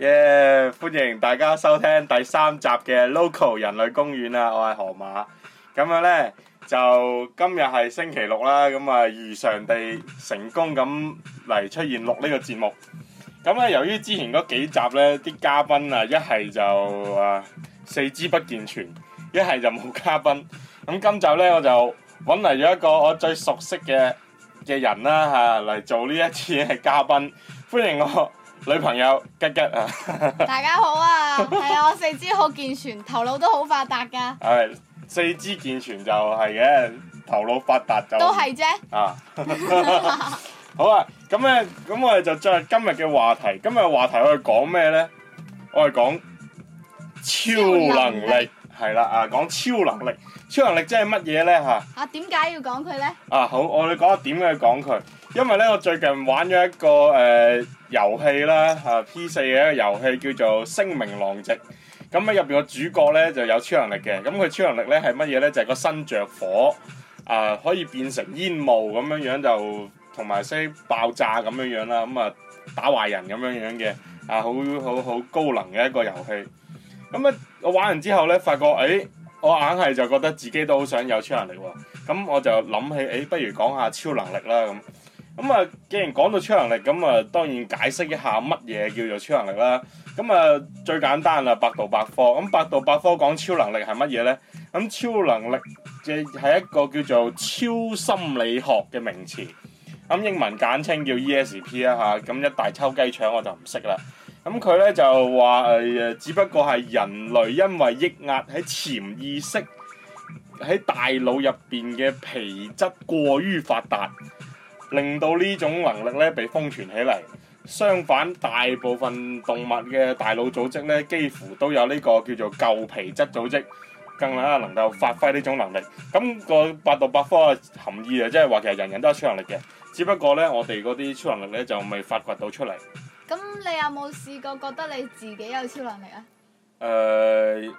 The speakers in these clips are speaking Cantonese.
耶！Yeah, 歡迎大家收聽第三集嘅 Local 人類公園啦，我係河馬。咁啊咧，就今日係星期六啦，咁啊如常地成功咁嚟出現錄呢個節目。咁咧，由於之前嗰幾集咧，啲嘉賓啊，一係就啊四肢不健全，一係就冇嘉賓。咁今集呢，我就揾嚟咗一個我最熟悉嘅嘅人啦嚇嚟做呢一次嘅嘉賓。歡迎我女朋友吉吉啊！ 大家好啊，係、啊、我四肢好健全，頭腦都好發達噶。係四肢健全就係、係、嘅，頭腦發達就係、都係啫。啊， 好啊，咁咧，咁我哋就將今日嘅話題，今日嘅話題我哋講咩咧？我哋講超能力。係啦啊，講超能力，嗯、超能力即係乜嘢咧吓？啊，點解要講佢咧？啊，好，我哋講下點解要講佢，因為咧我最近玩咗一個誒遊戲啦，吓、呃啊、P 四嘅一個遊戲叫做《聲名狼藉》啊，咁喺入邊個主角咧就有超能力嘅，咁、啊、佢超能力咧係乜嘢咧？就係、個身着火啊，可以變成煙霧咁樣樣，就同埋識爆炸咁樣樣啦，咁啊打壞人咁樣樣嘅。啊，啊，啊好好好，好，好，好高能嘅一個遊戲，咁啊。啊我玩完之後咧，發覺誒、哎，我硬係就覺得自己都好想有超能力喎、哦。咁我就諗起誒、哎，不如講下超能力啦。咁咁啊，既然講到超能力，咁啊，當然解釋一下乜嘢叫做超能力啦。咁啊，最簡單啦，百度百科。咁百度百科講超能力係乜嘢咧？咁超能力嘅係一個叫做超心理學嘅名詞。咁英文簡稱叫 ESP 啦吓。咁一大抽雞腸我就唔識啦。咁佢咧就話誒、呃，只不過係人類因為抑壓喺潛意識喺大腦入邊嘅皮質過於發達，令到呢種能力咧被封存起嚟。相反，大部分動物嘅大腦組織咧，幾乎都有呢個叫做舊皮質組織，更加能夠發揮呢種能力。咁、那個百度百科嘅含義就即係話，其實人人都有超能力嘅，只不過咧，我哋嗰啲超能力咧就未發掘到出嚟。咁你有冇試過覺得你自己有超能力啊？誒、呃，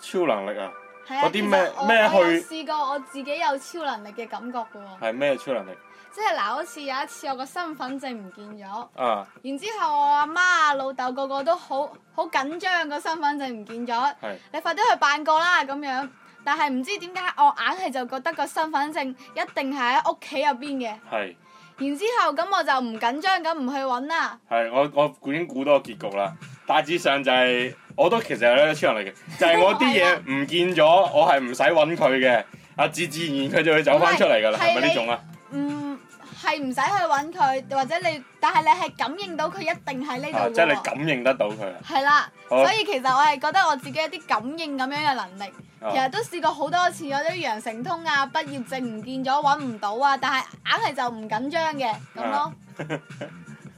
超能力啊？嗰啲咩咩去？試過我自己有超能力嘅感覺嘅喎、啊。係咩超能力？即係嗱，好似有一次我個身份證唔見咗。啊！然之後我阿媽啊、老豆個個都好好緊張，個身份證唔見咗。係。你快啲去辦個啦咁樣。但係唔知點解我硬係就覺得個身份證一定係喺屋企入邊嘅。係。然之後咁我就唔緊張咁唔去揾啦。係我我已經估到個結局啦，大致上就係、是、我都其實係咧超人嚟嘅， 就係我啲嘢唔見咗， 我係唔使揾佢嘅。啊，自自然然佢就會走翻出嚟噶啦，係咪呢種啊？唔，係唔使去揾佢，或者你，但係你係感應到佢一定喺呢度，即係你感應得到佢。係 啦，所以其實我係覺得我自己有啲感應咁樣嘅能力。其實都試過好多次，有啲羊城通啊、畢業證唔見咗揾唔到啊，但係硬係就唔緊張嘅咁咯。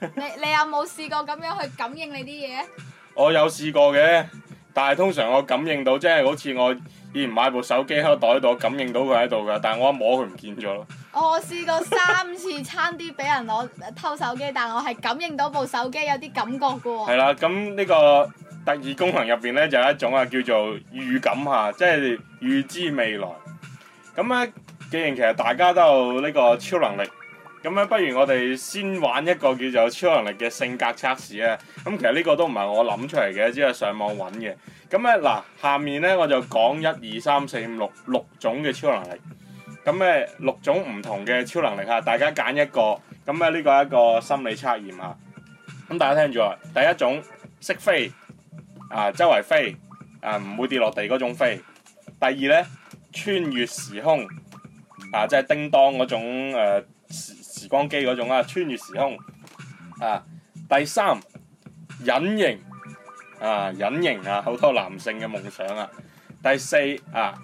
你你有冇試過咁樣去感應你啲嘢？我有試過嘅，但係通常我感應到，即係好似我以前買部手機喺袋度，我感應到佢喺度噶，但係我一摸佢唔見咗咯。我試過三次，差啲俾人攞偷手機，但我係感應到部手機有啲感覺嘅喎。係啦，咁呢個。特異功能入邊咧，就有一種啊，叫做預感吓，即係預知未來。咁咧，既然其實大家都有呢個超能力，咁咧不如我哋先玩一個叫做超能力嘅性格測試啊。咁其實呢個都唔係我諗出嚟嘅，只係上網揾嘅。咁咧嗱，下面咧，我就講一二三四五六六種嘅超能力。咁咧六種唔同嘅超能力吓，大家揀一個。咁咧呢個係一個心理測驗啊。咁大家聽住啊，第一種識飛。啊，周圍飛啊，唔會跌落地嗰種飛。第二咧，穿越時空啊，即係叮當嗰種誒時、啊、時光機嗰種啊，穿越時空啊。第三，隱形啊，隱形啊，好多男性嘅夢想啊。第四啊，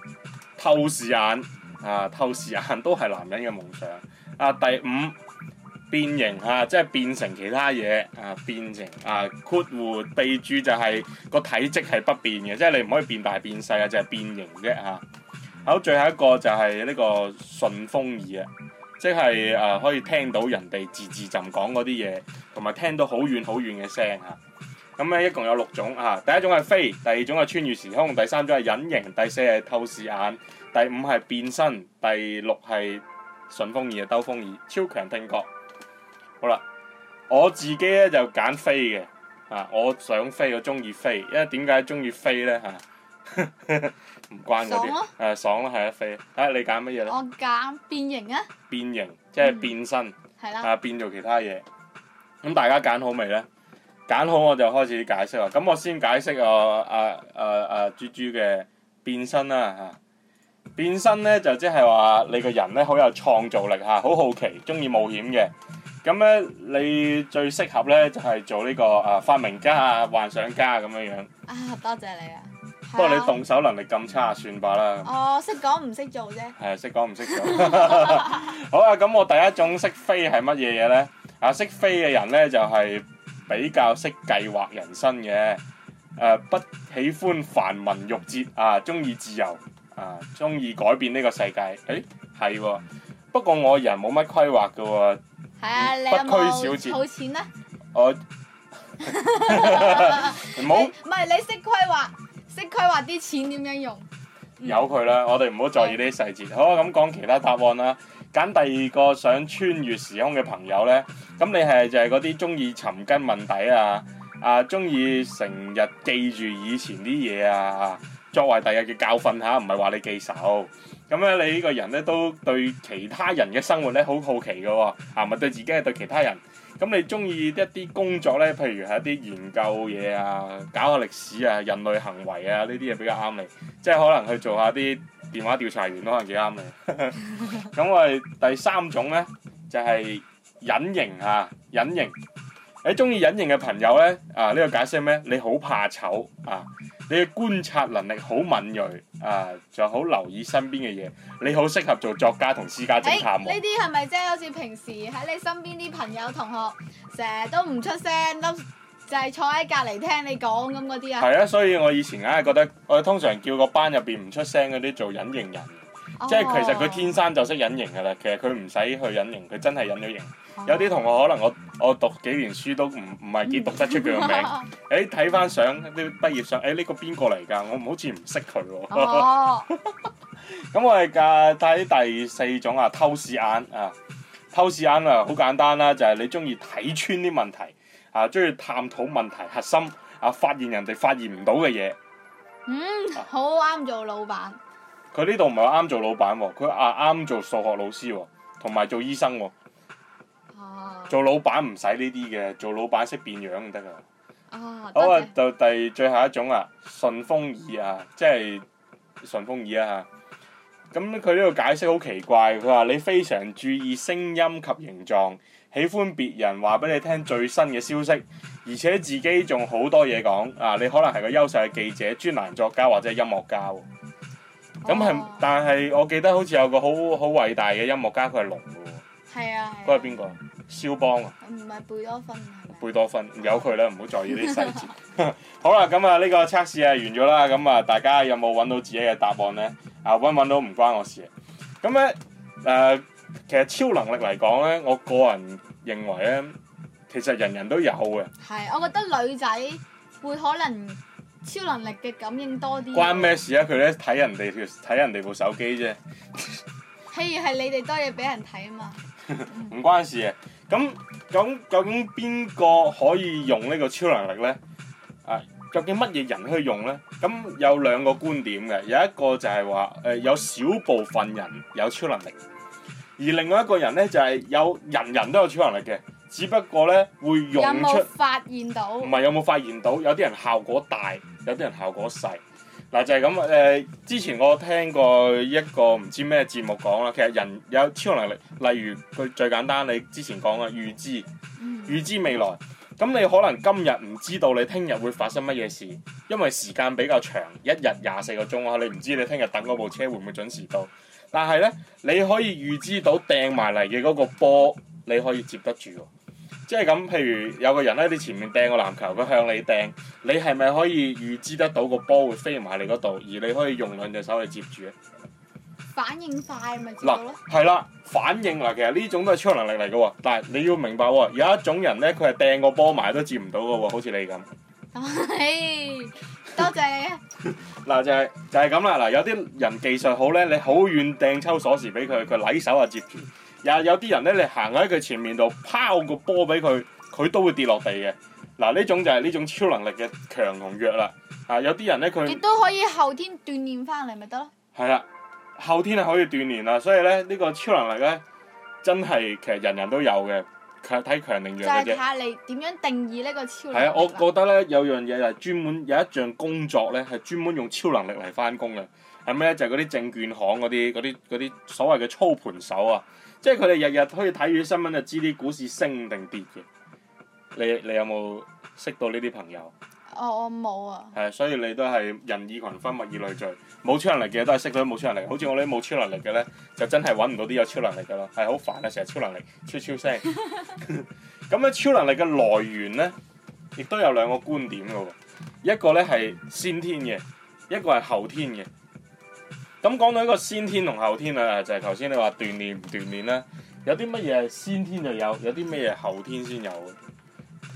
透視眼啊，透視眼都係男人嘅夢想啊。第五。變形啊，即係變成其他嘢啊，變形啊。括弧備註就係、是、個體積係不變嘅，即係你唔可以變大變細啊，就係變形啫嚇、啊。好，最後一個就係呢個順風耳啊，即係誒、啊、可以聽到人哋字字朕講嗰啲嘢，同埋聽到好遠好遠嘅聲啊。咁咧一共有六種啊，第一種係飛，第二種係穿越時空，第三種係隱形，第四係透視眼，第五係變身，第六係順風耳啊，兜風耳，超強聽覺。好啦，我自己咧就揀飛嘅，啊，我想飛，我中意飛，因為點解中意飛咧？吓、啊，唔 關嗰啲，係爽咯、啊，係啊，啊，啊，飛，睇下你揀乜嘢咧？我揀變型啊！變型、啊、即係變身，係啦、嗯，啊，啊，變做其他嘢。咁、啊、大家揀好未咧？揀好我就開始解釋啦。咁我先解釋啊啊啊啊豬豬嘅變身啦，吓、啊，變身咧就即係話你個人咧好有創造力吓，好、啊、好奇，中意冒險嘅。咁咧，你最適合咧就係做呢個誒發明家啊、幻想家啊咁樣樣。啊，多謝你啊！不過你動手能力咁差，算罷啦。哦，識講唔識做啫。係啊，識講唔識做。好啊，咁我第一種識飛係乜嘢嘢咧？啊，識飛嘅人咧就係比較識計劃人生嘅。誒，不喜歡繁文縟節啊，中意自由啊，中意改變呢個世界。誒，係，不過我人冇乜規劃噶。係啊，你不拘小節，冇冇儲錢啊？我唔好唔係你識規劃，識規劃啲錢點樣用？由佢啦，我哋唔好在意呢啲細節。對好啊，咁講其他答案啦。揀第二個想穿越時空嘅朋友咧，咁你係就係嗰啲中意尋根問底啊，啊中意成日記住以前啲嘢啊，作為第日嘅教訓嚇、啊，唔係話你記仇。咁咧，你呢個人咧都對其他人嘅生活咧好好奇嘅、哦，係咪對自己係對其他人。咁你中意一啲工作咧，譬如係一啲研究嘢啊，搞下歷史啊、人類行為啊呢啲嘢比較啱你，即係可能去做下啲電話調查員都可能幾啱你。咁 我哋第三種咧，就係、是、隱形啊。隱形。你中意隱形嘅朋友咧，啊呢、這個解釋咩？你好怕醜啊！你嘅觀察能力好敏鋭，啊，仲好留意身邊嘅嘢，你好適合做作家同私家偵探。呢啲係咪即係好似平時喺你身邊啲朋友同學，成日都唔出聲，就係、是、坐喺隔離聽你講咁嗰啲啊？係啊，所以我以前硬係覺得，我哋通常叫個班入面唔出聲嗰啲做隱形人，哦、即係其實佢天生就識隱形㗎喇，其實佢唔使去隱形，佢真係隱咗形。有啲同學可能我我讀幾年書都唔唔係幾讀得出佢個名，誒睇翻相啲畢業相，誒、哎、呢、這個邊個嚟噶？我唔好似唔識佢喎。咁、哦、 我哋誒睇第四種啊，透視眼啊，透視眼啊好簡單啦，就係、是、你中意睇穿啲問題，啊中意探討問題核心，啊發現人哋發現唔到嘅嘢。嗯，好啱做老闆。佢呢度唔係啱做老闆喎，佢啊啱做數學老師喎，同埋做醫生喎。做老闆唔使呢啲嘅，做老闆識變樣就得啦。好啊、哦哦，就第最後一種啊，順風耳啊，即係順風耳啊吓。咁佢呢個解釋好奇怪，佢話你非常注意聲音及形狀，喜歡別人話俾你聽最新嘅消息，而且自己仲好多嘢講啊。你可能係個優秀嘅記者、專欄作家或者係音樂家。咁係，哦、但係我記得好似有個好好偉大嘅音樂家，佢係聾嘅。係啊，佢係邊個？肖邦啊，唔係貝多芬。貝多芬，由佢啦，唔好在意啲細節。 好啦，咁啊呢個測試啊完咗啦，咁啊大家有冇揾到自己嘅答案咧？啊揾唔揾到唔關我事。咁咧誒，其實超能力嚟講咧，我個人認為咧，其實人人都有嘅。係，我覺得女仔會可能超能力嘅感應多啲。關咩事啊？佢咧睇人哋睇人哋部手機啫。譬如係你哋多嘢俾人睇啊嘛。唔 關事啊。咁究竟邊個可以用呢個超能力呢？哎、究竟乜嘢人去用呢？咁有兩個觀點嘅，有一個就係話誒有少部分人有超能力，而另外一個人呢，就係、是、有人人都有超能力嘅，只不過呢會用出有冇發現到，唔係有冇發現到？有啲人效果大，有啲人效果細。嗱就係咁誒，之前我聽過一個唔知咩節目講啦，其實人有超能力，例如佢最簡單，你之前講嘅預知，預知未來。咁你可能今日唔知道你聽日會發生乜嘢事，因為時間比較長，一日廿四個鐘啊，你唔知你聽日等嗰部車會唔會準時到。但係呢，你可以預知到掟埋嚟嘅嗰個波，你可以接得住。即係咁，譬如有個人咧，喺你前面掟個籃球，佢向你掟，你係咪可以預知得到個波會飛埋你嗰度，而你可以用兩隻手去接住咧？反應快咪接到咯？係啦，反應嗱，其實呢種都係超能力嚟噶。但係你要明白喎，有一種人咧，佢係掟個波埋都接唔到噶喎，好似你咁。多謝你啊！嗱就係、係、就係咁啦。嗱，有啲人技術好咧，你好遠掟抽鎖匙俾佢，佢禮手啊接住。有啲人咧，你行喺佢前面度拋個波俾佢，佢都會跌落地嘅。嗱，呢種就係呢種超能力嘅強同弱啦。啊，有啲人咧，佢亦都可以後天鍛煉翻嚟，咪得咯。係啦，後天係可以鍛煉啦，所以咧呢個超能力咧真係其實人人都有嘅，強睇強定弱。就係睇下你點樣定義呢個超能力係啊！我覺得咧有樣嘢就係專門有一樣工作咧係專門用超能力嚟翻工嘅，係咩咧？就係嗰啲證券行嗰啲嗰啲嗰啲所謂嘅操盤手啊。即係佢哋日日可以睇住啲新聞就知啲股市升定跌嘅，你你有冇識到呢啲朋友？哦、我我冇啊。係，所以你都係人以群分，物以類聚，冇超能力嘅都係識到冇超能力。好似我啲冇超能力嘅咧，就真係揾唔到啲有超能力嘅咯，係好煩啊！成日超能力超超聲。咁咧，超能力嘅來源咧，亦都有兩個觀點嘅喎，一個咧係先天嘅，一個係後天嘅。咁講到呢個先天同後天啊，就係頭先你話鍛煉唔鍛煉啦，有啲乜嘢先天就有，有啲乜嘢後天先有嘅。誒、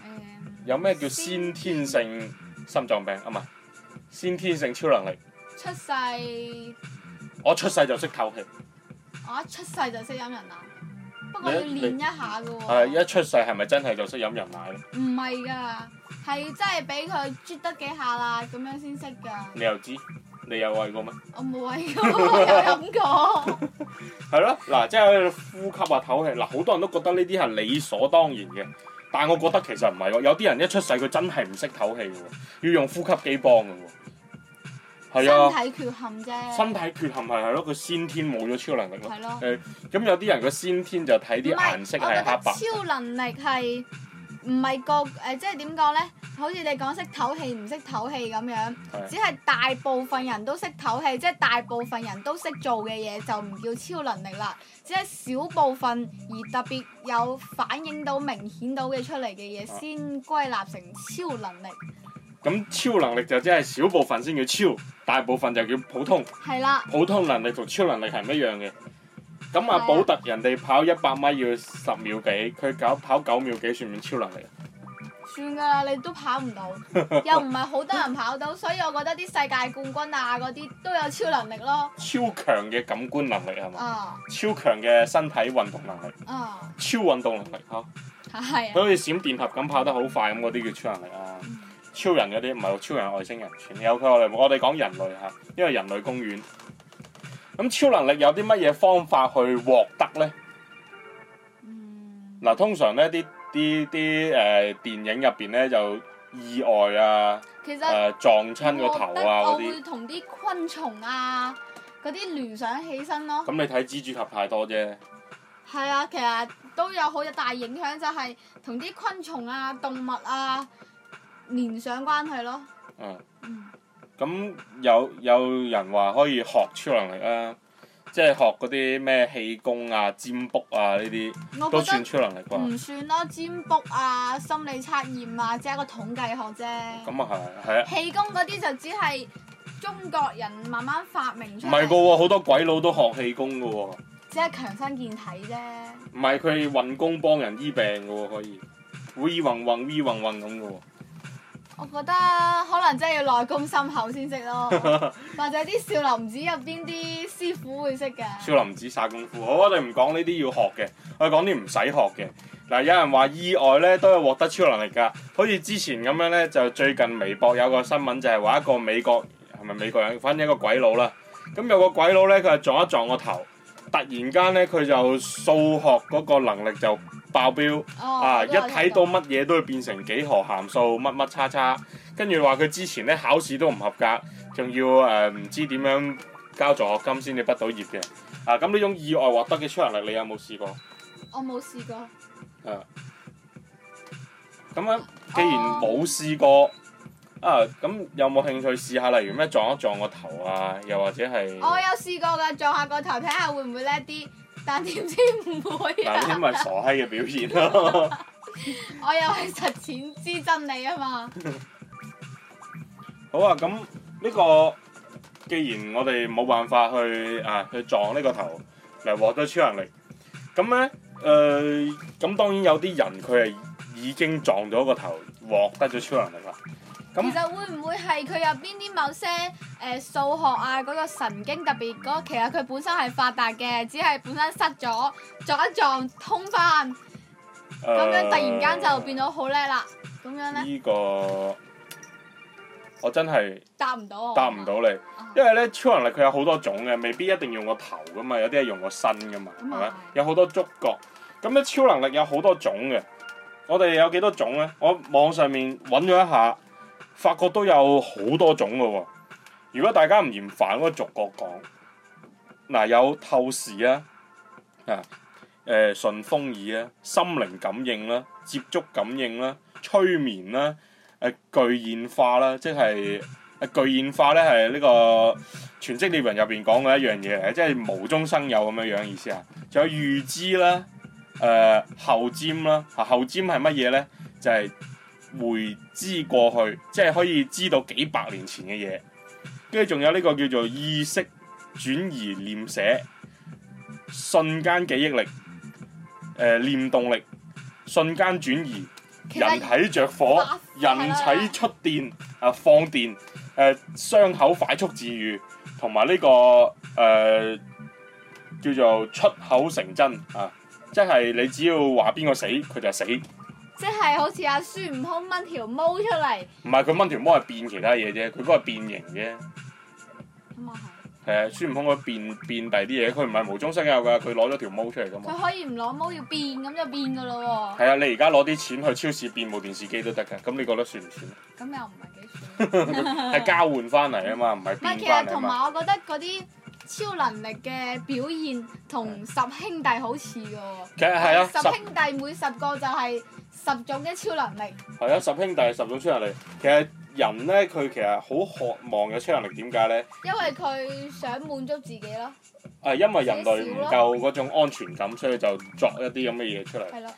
嗯，有咩叫先天性心臟病啊？唔係，先天性超能力。出世生，我出世就識透氣。我一出世就識飲人，人奶，不過要練一下嘅喎。係一出世係咪真係就識飲人奶咧？唔係噶，係真係俾佢啜得幾下啦，咁樣先識噶。你又知？你有餵過咩？我冇餵過， 有咁講樣？ 係咯，嗱，即係呼吸啊，唞氣，嗱，好多人都覺得呢啲係理所當然嘅，但係我覺得其實唔係喎，有啲人一出世佢真係唔識唞氣嘅，要用呼吸機幫嘅喎。係啊。身體缺陷啫。身體缺陷係係咯，佢先天冇咗超能力咯。係咯了。咁、欸、有啲人佢先天就睇啲顏色係是黑白。超能力係。唔係個誒、呃，即係點講呢？好似你講識唞氣唔識唞氣咁樣。的只係大部分人都識唞氣，即係大部分人都識做嘅嘢就唔叫超能力啦。只係小部分而特別有反應到明顯到嘅出嚟嘅嘢，的先歸納成超能力。咁超能力就即係小部分先叫超，大部分就叫普通。係啦的。普通能力同超能力係唔一樣嘅。咁啊，博、啊、特人哋跑一百米要十秒幾，佢九跑九秒幾，算唔算超能力？算噶啦，你都跑唔到， 又唔係好多人跑到，所以我覺得啲世界冠軍啊嗰啲都有超能力咯。超強嘅感官能力係嘛？啊！Uh, 超強嘅身體運動能力。啊！Uh, 超運動能力，嗬？係啊。佢好似閃電俠咁跑得好快，咁嗰啲叫超能力啊？Uh, 超人嗰啲唔係，超人外星人，全有佢我哋我哋講人類吓，因為人類公園。咁超能力有啲乜嘢方法去獲得咧？嗱、嗯啊，通常咧啲啲啲誒電影入邊咧就意外啊，誒其實、呃、撞親個頭啊會同啲昆蟲啊，嗰啲聯想起身咯。咁、嗯、你睇蜘蛛俠太多啫。係啊，其實都有好大影響，就係同啲昆蟲啊、動物啊聯想關係咯。嗯。咁有有人話可以學超能力啊，即係學嗰啲咩氣功啊、占卜啊呢啲，都算超能力啩？唔算咯，占卜啊、心理測驗啊，即係一個統計學啫。咁啊係，係啊。氣功嗰啲就只係中國人慢慢發明出嚟。唔係噶喎，好多鬼佬都學氣功噶喎。只係強身健體啫。唔係佢運功幫人醫病噶喎，可以。威運運威運運咁噶喎。我覺得可能真係要內功深厚先識咯， 或者啲少林寺入邊啲師傅會識嘅。少林寺殺功夫。好，我哋唔講呢啲要學嘅，我哋講啲唔使學嘅。嗱，有人話意外咧，都有獲得超能力噶，好似之前咁樣咧，就最近微博有個新聞就係話一個美國係咪美國人，反正一個鬼佬啦。咁有個鬼佬咧，佢係撞一撞個頭，突然間咧佢就數學嗰個能力就。爆錶、oh, 啊！也一睇看到乜嘢都會變成幾何函數，乜乜叉叉，跟住話佢之前咧考試都唔合格，仲要誒唔、呃、知點樣交助學金先至畢到業嘅。啊！咁呢種意外獲得嘅超能力，你有冇試過？我冇試過。誒、啊，咁樣既然冇試過，oh. 啊，咁有冇興趣試下？例如咩撞一撞個頭啊，又或者係？我有試過噶，撞下個頭睇下會唔會叻啲。但點知唔會，但係因為傻閪嘅表現咯。我又係實踐之真理啊嘛。好啊，咁呢個既然我哋冇辦法去啊去撞呢個頭嚟獲得超能力，咁咧誒咁當然有啲人佢係已經撞咗個頭獲得咗超能力啦。其實會唔會係佢入邊啲某些誒、呃、數學啊？嗰、嗰個神經特別嗰，其實佢本身係發達嘅，只係本身失咗撞一撞通翻，咁樣突然間就變到好叻啦。咁、呃、樣咧？呢個我真係答唔到，答唔到你，uh huh. 因為咧超能力佢有好多種嘅，未必一定要用個頭噶嘛，有啲係用個身噶嘛，係咪、uh huh.？有好多觸覺，咁咧超能力有好多種嘅。我哋有幾多種咧？我網上面揾咗一下。發覺都有好多種噶喎、啊，如果大家唔嫌煩，我逐個講。嗱、啊，有透視啊，啊，誒、呃、順風耳啊，心靈感應啦、啊，接觸感應啦、啊，催眠啦、啊，誒、呃、具現化啦、啊，即係具、啊、現化咧係呢個全職獵人入邊講嘅一樣嘢嚟，即係無中生有咁樣樣意思啊。仲有預知啦、啊，誒後尖啦，後尖係乜嘢咧？就係、是。回知過去，即係可以知道幾百年前嘅嘢。跟住仲有呢個叫做意識轉移、念寫、瞬間記憶力、誒、呃、念動力、瞬間轉移、人體着火、人體出電啊放電、誒、呃、傷口快速治愈，同埋呢個誒、呃、叫做出口成真啊，即係你只要話邊個死，佢就死。即係好似阿孫悟空掹條毛出嚟，唔係佢掹條毛係變其他嘢啫，佢嗰、嗯、個係變形嘅，咁啊係，係啊，孫悟空佢變變第啲嘢，佢唔係無中生有噶，佢攞咗條毛出嚟噶嘛，佢可以唔攞毛要變咁就變噶咯喎，係啊，你而家攞啲錢去超市變部電視機都得噶，咁你覺得算唔算？咁又唔係幾算，係交換翻嚟啊嘛，唔係變翻嚟啊嘛，其實同埋我覺得嗰啲超能力嘅表現同十兄弟好似噶，的十其實係啊，十兄弟每十個就係。十十種嘅超能力，係啊！十兄弟十種超能力。其實人咧佢其實好渴望嘅超能力，點解咧？因為佢想滿足自己咯。係因為人類唔夠嗰種安全感，所以就作一啲咁嘅嘢出嚟。係咯了。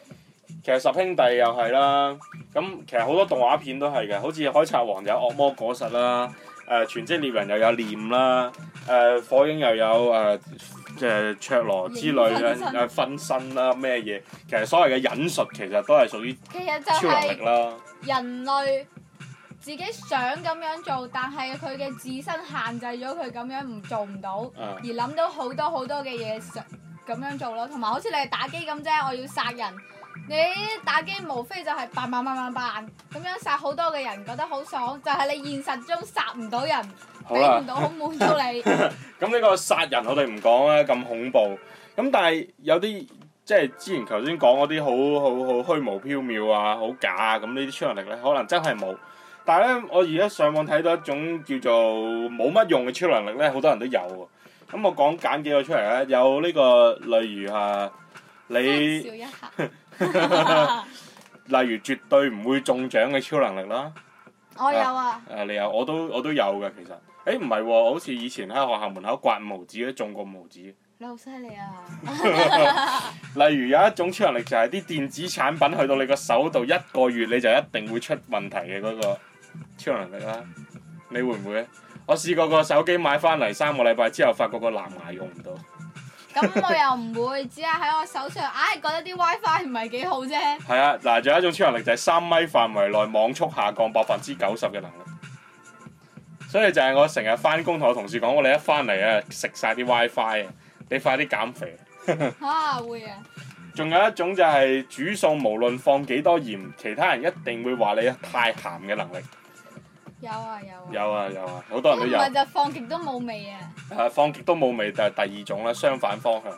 其實十兄弟又係啦。咁其實好多動畫片都係嘅，好似《海賊王》有惡魔果實啦。誒、呃、全職獵人又有念啦，誒、呃、火影又有誒誒卓羅之類嘅，誒、呃、分身啦，咩嘢？其實所謂嘅忍術其實都係屬於超能力啦。其實就係人類自己想咁樣做，但係佢嘅自身限制咗佢咁樣唔做唔到，嗯、而諗到好多好多嘅嘢咁樣做咯。同埋好似你係打機咁啫，我要殺人。你打機無非就係扮扮扮扮扮，咁樣殺好多嘅人，覺得好爽，就係、是、你現實中殺唔到人，俾唔好了 到好滿足你。咁呢個殺人我哋唔講啦，咁恐怖。咁但係有啲即係之前頭先講嗰啲好好好虛無縹緲啊，好假啊，咁呢啲超能力咧，可能真係冇。但係咧，我而家上網睇到一種叫做冇乜用嘅超能力咧，好多人都有喎。咁我講揀幾個出嚟咧，有呢、這個例如啊，你。笑一下。 例如絕對唔會中獎嘅超能力啦，我有啊。誒，uh，你有我都我都有嘅其實。誒，唔係，我好似以前喺學校門口刮毛紙都中過毛紙。你好犀利啊！ 例如有一種超能力就係啲電子產品去到你個手度一個月你就一定會出問題嘅嗰個超能力啦。你會唔會？我試過個手機買翻嚟，三個禮拜之後，發覺個藍牙用唔到。咁 我又唔會，只係喺我手上，唉、哎，係覺得啲 WiFi 唔係幾好啫。係啊，嗱，仲有一種超能力就係、是、三米範圍內網速下降百分之九十嘅能力。所以就係我成日翻工同我同事講，我哋一翻嚟 啊，食晒啲 WiFi 啊，你快啲減肥。嚇會啊！仲有一種就係、是、煮餸，無論放幾多鹽，其他人一定會話你太鹹嘅能力。有啊有啊，有啊有啊，好多人都有。唔係就放極都冇味啊！係啊，放極都冇味，但係第二種啦，相反方向。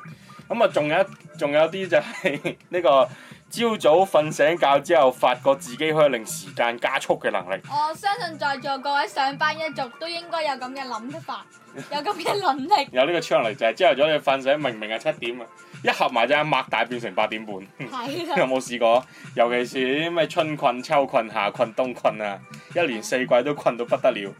咁啊，仲有仲有啲就係呢個。 朝早瞓醒覺之後，發覺自己可以令時間加速嘅能力。我相信在座各位上班一族都應該有咁嘅諗法， 有咁嘅能力。 有呢個窗嚟就係、是，朝頭早你瞓醒，明明係七點啊，一合埋就一擘大變成八點半。係 的 有冇試過？尤其是咩春困、秋困、夏困、冬困啊，一年四季都困到不得了。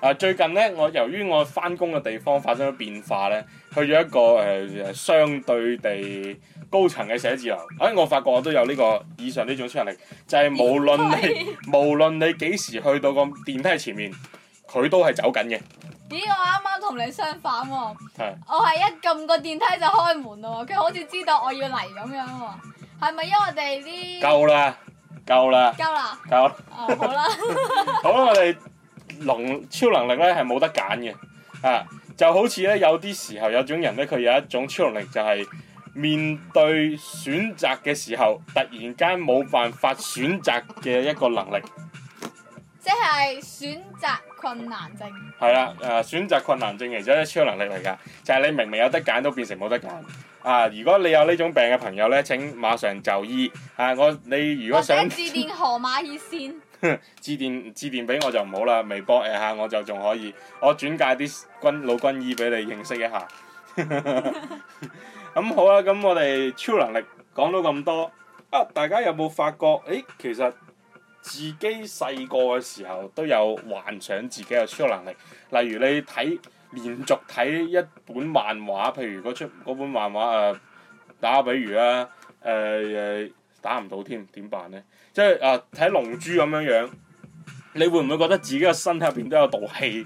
啊，最近呢，我由於我翻工嘅地方發生咗變化呢，去咗一個誒、呃、相對地高層嘅寫字樓。哎，我發覺我都有。有呢個以上呢種超能力，就係、是、無論你 無論你幾時去到個電梯前面，佢都係走緊嘅。咦，我啱啱同你相反喎、啊，是我係一撳個電梯就開門咯，佢好似知道我要嚟咁樣喎、啊。係咪因為我哋啲夠啦，夠啦，夠啦，夠，好啦， 好啦，我哋能超能力咧係冇得揀嘅啊，就好似咧有啲時候有種人咧，佢有一種超能力就係、是。面對選擇嘅時候，突然間冇辦法選擇嘅一個能力，即係選擇困難症。係啦，誒，選擇困難症其實係超能力嚟噶，就係、是、你明明有得揀都變成冇得揀。啊，如果你有呢種病嘅朋友呢，請馬上就醫。啊，我你如果想，或者致電河馬熱線。致電致電俾我就唔好啦，微博誒吓我就仲可以，我轉介啲軍老軍醫俾你認識一下。 咁好啦，咁我哋超能力講到咁多啊！大家有冇發覺？誒，其實自己細個嘅時候都有幻想自己嘅超能力，例如你睇連續睇一本漫畫，譬如嗰出本漫畫誒、呃，打比喻啦，誒、呃、誒打唔到添，點辦呢？即係啊，睇、呃《龍珠》咁樣樣，你會唔會覺得自己嘅身體入邊都有道氣？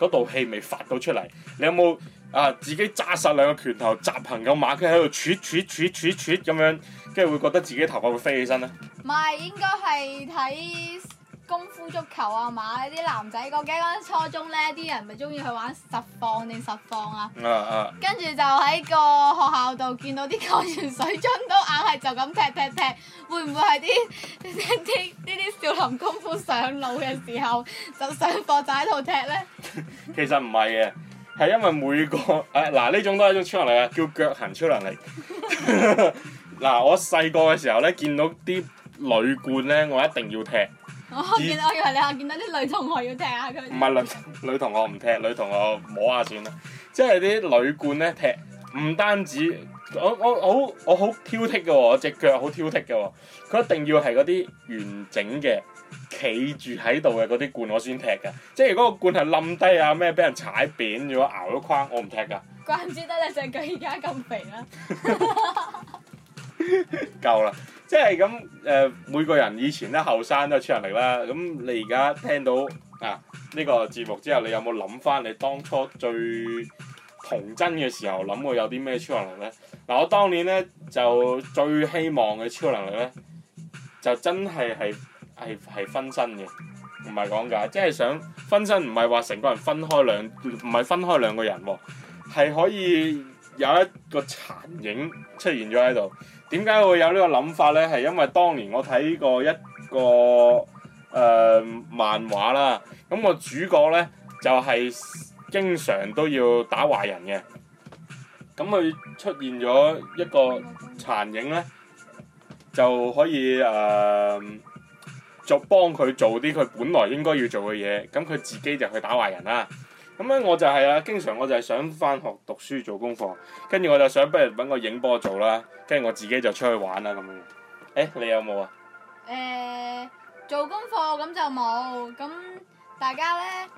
嗰道氣未發到出嚟？你有冇？啊！自己揸實兩個拳頭，紮朋友馬，跟喺度鉆鉆鉆咁樣，跟住會覺得自己頭髮會飛起身咧。唔係，應該係睇功夫足球啊嘛！啲男仔嗰幾間初中呢？啲人咪中意去玩實磅定實磅啊？跟住、ah, uh, 就喺個學校度見到啲乾完水樽都硬係就咁踢踢踢，踢，會唔會係啲啲啲少林功夫上腦嘅時候就上課就喺度踢呢？ 其實唔係嘅。係因為每個誒嗱呢種都係一種超能力啊，叫腳痕超能力。嗱 我細個嘅時候咧，見到啲女冠咧，我一定要踢。我見到，我以為你話見到啲女同學要踢啊？佢唔係女，女同學唔踢，女同學摸下算啦。即係啲女冠咧踢，唔單止。我我好我好挑剔嘅喎、哦，我隻腳好挑剔嘅喎、哦，佢一定要係嗰啲完整嘅，企住喺度嘅嗰啲罐我先踢㗎，即係如果個罐係冧低啊咩俾人踩扁咗、咬咗框，我唔踢噶。怪唔之得你隻腳而家咁肥啦。 夠啦，即係咁誒，每個人以前咧後生都係出人力啦。咁你而家聽到啊呢、這個節目之後，你有冇諗翻你當初最童真嘅時候諗會有啲咩超能力呢？嗱，我當年呢，就最希望嘅超能力呢，就真係係係係分身嘅，唔係講假，即係想分身，唔係話成個人分開兩，唔係分開兩個人喎，係可以有一個殘影出現咗喺度。點解會有呢個諗法呢？係因為當年我睇過一個誒漫畫啦，咁個主角呢，就係。經常都要打壞人嘅，咁佢出現咗一個殘影咧，就可以誒、呃、就幫佢做啲佢本來應該要做嘅嘢，咁佢自己就去打壞人啦。咁咧我就係、是、啊，經常我就係想返學讀書做功課，跟住我就想不如揾個影波做啦，跟住我自己就出去玩啦咁樣。誒、欸，你有冇啊？誒、呃，做功課咁就冇，咁大家咧。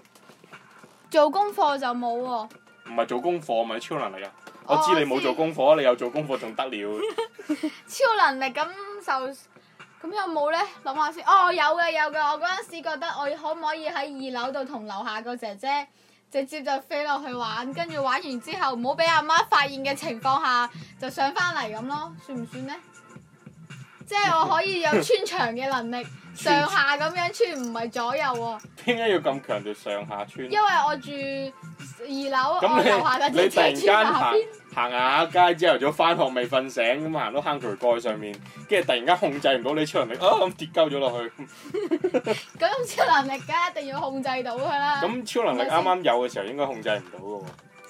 做功課就冇喎、哦。唔係做功課，咪超能力啊！Oh，我知你冇做功課， 你有做功課仲得了。 超能力咁就咁有冇呢？諗下先。哦，有嘅有嘅，我嗰陣時覺得我可唔可以喺二樓度同樓下個姐姐直接就飛落去玩，跟住玩完之後唔好俾阿媽發現嘅情況下就上翻嚟咁咯，算唔算呢？即係我可以有穿牆嘅能力， 穿上下咁樣穿唔係左右喎、啊。點解要咁強調上下穿？因為我住二樓，你我行緊。你突然間行行下街朝後，早翻學朝頭早翻學未瞓醒咁行到坑渠蓋上面，跟住突然間控制唔到你超能力，哦、啊、咁、嗯、跌鳩咗落去。咁 超能力梗一定要控制到噶啦。咁超能力啱啱有嘅時候應該控制唔到嘅喎。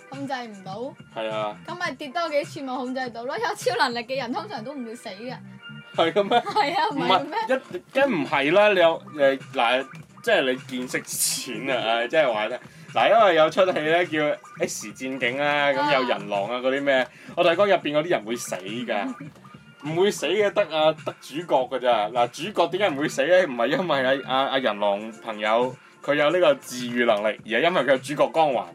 控制唔到。係啊。咁咪跌多幾次冇控制到咯？有超能力嘅人通常都唔會死嘅。係咁咩？啊，唔係咩？一，梗唔係啦！你有誒嗱，即係你見識錢啊！誒，即係話咧嗱，因為有出戲咧叫《X 戰警》啊，咁、啊、有人狼啊嗰啲咩？我同你講入邊嗰啲人會死噶，唔 會死嘅得啊，得主角噶咋嗱？主角點解唔會死咧？唔係因為阿阿阿人狼朋友佢有呢個治愈能力，而係因為佢有主角光環。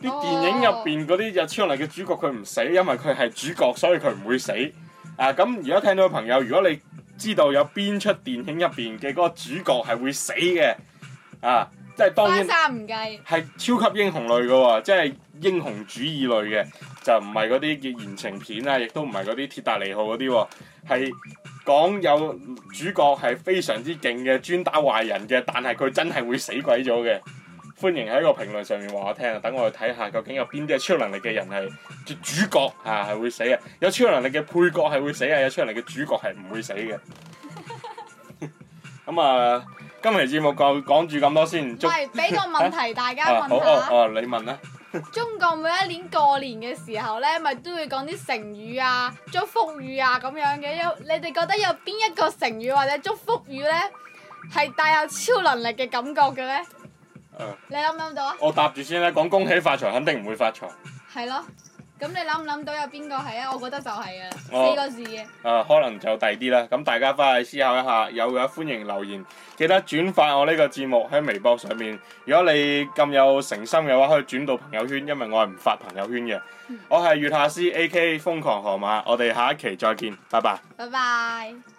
啲、啊、電影入邊嗰啲超能力嘅主角佢唔死，因為佢係主角，所以佢唔會死。啊！咁如果聽到朋友，如果你知道有邊出電影入邊嘅嗰個主角係會死嘅，啊，即係當然，係超級英雄類嘅喎，即係英雄主義類嘅，就唔係嗰啲叫言情片啊，亦都唔係嗰啲鐵達尼號嗰啲，係講有主角係非常之勁嘅，專打壞人嘅，但係佢真係會死鬼咗嘅。歡迎喺一個評論上面話我聽啊，等我去睇下究竟有邊啲係超能力嘅人係主角嚇，係會死嘅，有超能力嘅配角係會死嘅，有超能力嘅主角係唔會死嘅。咁 啊，今日節目夠講住咁多先。唔係，俾個問題 大家問下。啊、好、啊啊、你問啦。 中國每一年過年嘅時候咧，咪都會講啲成語啊、祝福語啊咁樣嘅。有你哋覺得有邊一個成語或者祝福語咧，係帶有超能力嘅感覺嘅咧？你諗唔諗到啊？我答住先啦，講恭喜發財肯定唔會發財。係咯 咁你諗唔諗到有邊個係啊？我覺得就係啊，我四個字嘅。啊、呃，可能就第二啲啦。咁大家翻去思考一下，有嘅歡迎留言，記得轉發我呢個節目喺微博上面。如果你咁有誠心嘅話，可以轉到朋友圈，因為我係唔發朋友圈嘅。嗯、我係月下詩 A K 瘋狂河馬，我哋下一期再見，拜拜。拜拜。